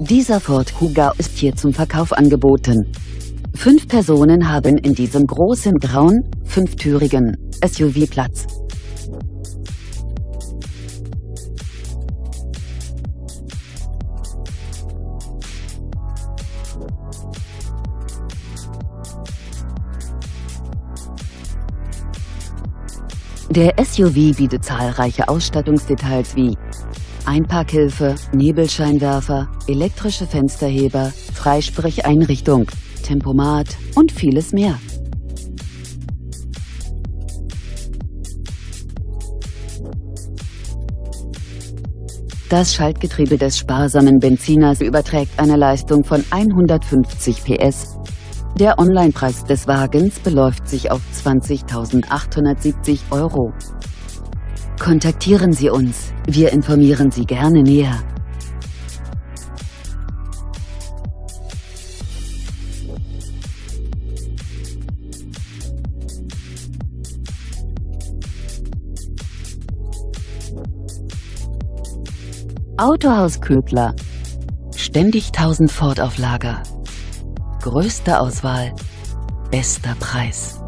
Dieser Ford Kuga ist hier zum Verkauf angeboten. Fünf Personen haben in diesem großen grauen, fünftürigen SUV Platz. Der SUV bietet zahlreiche Ausstattungsdetails wie Einparkhilfe, Nebelscheinwerfer, elektrische Fensterheber, Freisprecheinrichtung, Tempomat und vieles mehr. Das Schaltgetriebe des sparsamen Benziners überträgt eine Leistung von 150 PS der Onlinepreis des Wagens beläuft sich auf 20.870 Euro. Kontaktieren Sie uns, wir informieren Sie gerne näher. Autohaus Ködler. Ständig 1000 Ford auf Lager. Größte Auswahl, bester Preis.